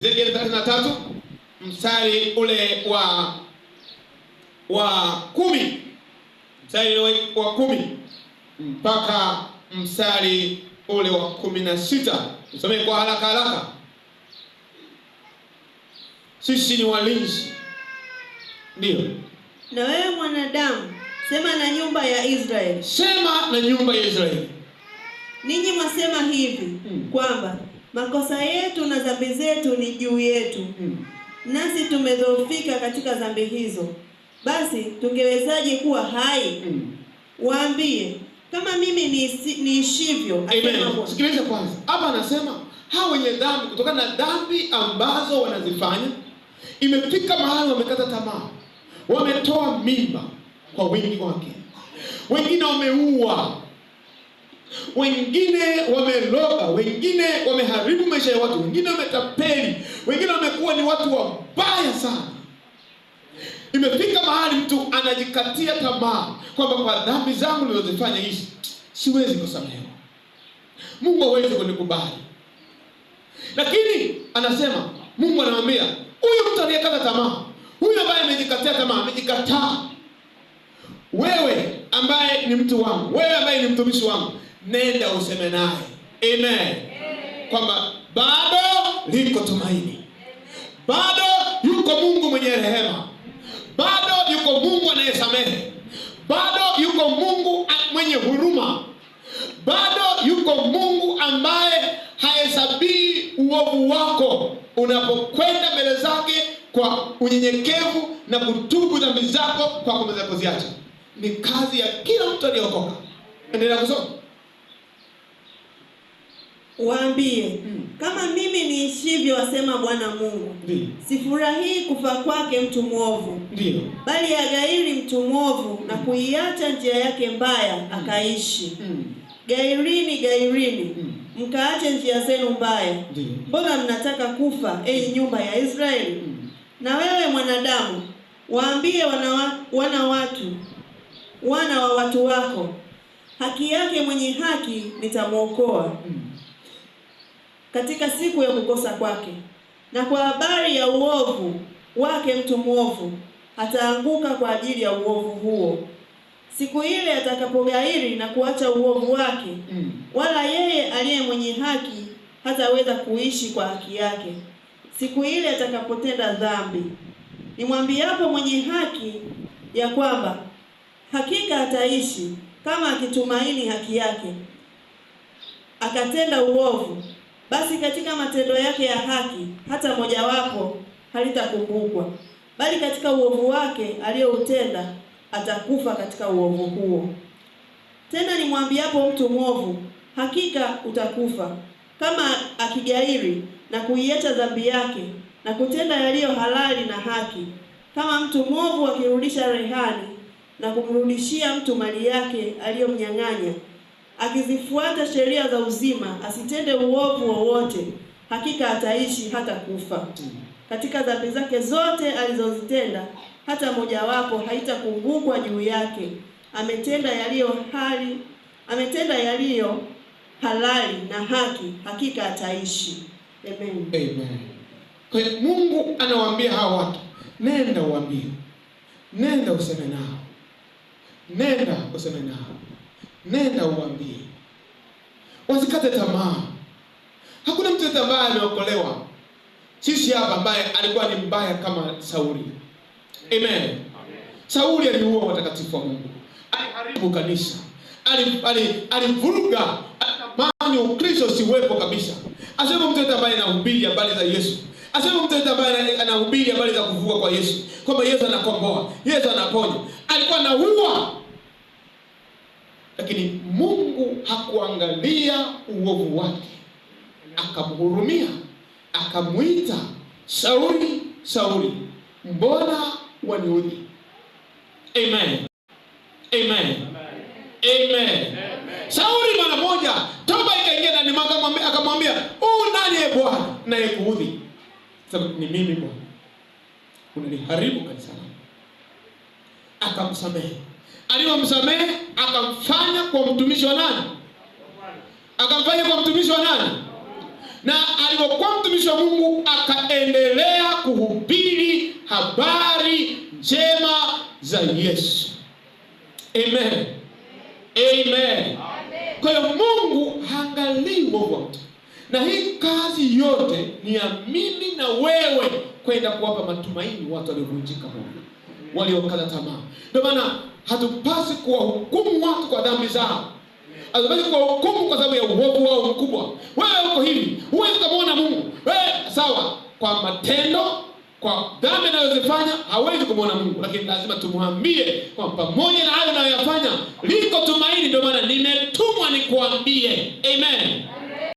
dhidi ya tatu mstari ule wa wa kumi mstari wa kumi mpaka mstari ule wa kumi na sita Tusome kwa haraka haraka. Sisi ni walinzi, ndiyo. Na wewe mwanadamu, sema na nyumba ya Israeli, sema na nyumba ya Israeli, ninyi mwasema hivi hmm, kwamba Makosa yetu na dhambi zetu ni juu yetu, hmm. nasi tumedhoofika katika dhambi hizo. Basi tungewezaje kuwa hai? Hmm. Waambie kama mimi niishivyo. Sikiliza kwanza, hapa anasema hawa wenye dhambi, kutokana na dhambi ambazo wanazifanya, imefika mahali wamekata tamaa, wametoa mimba kwa wingi wake, wengine wameua wengine wameloka wengine wameharibu maisha ya watu, wengine wametapeli, wengine wamekuwa ni watu wabaya sana. Imefika mahali mtu anajikatia tamaa kwamba kwa dhambi zangu nilizozifanya hizi siwezi kusamehewa, Mungu hawezi kunikubali. Lakini anasema Mungu anamwambia huyu mtu aliyekata tamaa, huyu ambaye amejikatia tamaa, amejikataa, wewe ambaye ni mtu wangu, wewe ambaye ni mtumishi wangu nenda useme naye amen kwamba bado liko tumaini bado yuko mungu mwenye rehema bado yuko mungu anayesamehe bado yuko mungu mwenye huruma bado yuko mungu ambaye hahesabii uovu wako unapokwenda mbele zake kwa unyenyekevu na kutubu dhambi zako kwa kumeza kuziacha ni kazi ya kila mtu aliyokoka endelea kusoma Waambie mm. kama mimi niishivyo, asema Bwana Mungu, sifurahii kufa kwake mtu mwovu, bali agairi mtu mwovu na kuiacha njia yake mbaya hmm. akaishi. mm. Gairini, gairini, mm. mkaache njia zenu mbaya. Mbona mnataka kufa, enyi nyumba ya Israeli? mm. Na wewe mwanadamu, waambie wana, wa, wana watu wana wa watu wako, haki yake mwenye haki nitamwokoa. mm katika siku ya kukosa kwake, na kwa habari ya uovu wake mtu mwovu ataanguka kwa ajili ya uovu huo siku ile atakapogairi na kuacha uovu wake, mm. wala yeye aliye mwenye haki hataweza kuishi kwa haki yake siku ile atakapotenda dhambi. Nimwambiapo mwenye haki ya kwamba hakika ataishi, kama akitumaini haki yake akatenda uovu basi katika matendo yake ya haki hata mojawapo halitakumbukwa, bali katika uovu wake aliyoutenda atakufa katika uovu huo. Tena nimwambiapo mtu mwovu, hakika utakufa, kama akigairi na kuiacha dhambi yake na kutenda yaliyo halali na haki, kama mtu mwovu akirudisha rehani na kumrudishia mtu mali yake aliyomnyang'anya akizifuata sheria za uzima, asitende uovu wowote, hakika ataishi hata kufa. Katika dhambi zake zote alizozitenda, hata mojawapo haitakungukwa juu yake. Ametenda yaliyo hali, ametenda yaliyo halali na haki, hakika ataishi. Amen. Amen. Kwa Mungu anawaambia hawa watu, nenda uambie, nenda useme nao, nenda useme nao nenda uambie, wasikate tamaa. Hakuna mtu ambaye ameokolewa sisi hapa ambaye alikuwa ni mbaya kama Sauli. Amen, Amen. Sauli aliua watakatifu wa Mungu, aliharibu kanisa, alivuruga, amani, Ukristo siwepo kabisa. Asema mtu ambaye anahubiri habari za Yesu asema mtu ambaye anahubiri habari za kuvuka kwa Yesu, kwamba Yesu anakomboa, Yesu anaponya, alikuwa anaua lakini Mungu hakuangalia uovu wake, akamhurumia, akamwita Sauli, Sauli, mbona waniudhi? Amen, amen, amen. Sauli mara moja toba ikaingia ndani mwake, akamwambia u nani ee Bwana naye kuudhi? Ni mimi Bwana, unaniharibu kanisa Akamsamehe aliyomsamehe akamfanya kwa mtumishi wa nani? Akamfanya kwa mtumishi wa nani? Na alipokuwa mtumishi wa Mungu akaendelea kuhubiri habari njema za Yesu. Amen. Amen. Kwa hiyo Mungu haangalii uovu na hii kazi yote ni ya mimi na wewe kwenda kuwapa matumaini watu waliovunjika moyo, waliokata tamaa. Ndio maana hatupasi kuwahukumu watu kwa dhambi zao, hatupasi kuwahukumu kwa sababu ya uovu wao mkubwa. Wewe uko hivi, huwezi kumwona Mungu wewe, eh, sawa, kwa matendo, kwa dhambi anayozifanya hawezi kumwona Mungu, lakini lazima tumwambie kwa pamoja na hayo anayoyafanya liko tumaini. Ndio maana nimetumwa nikuambie, amen.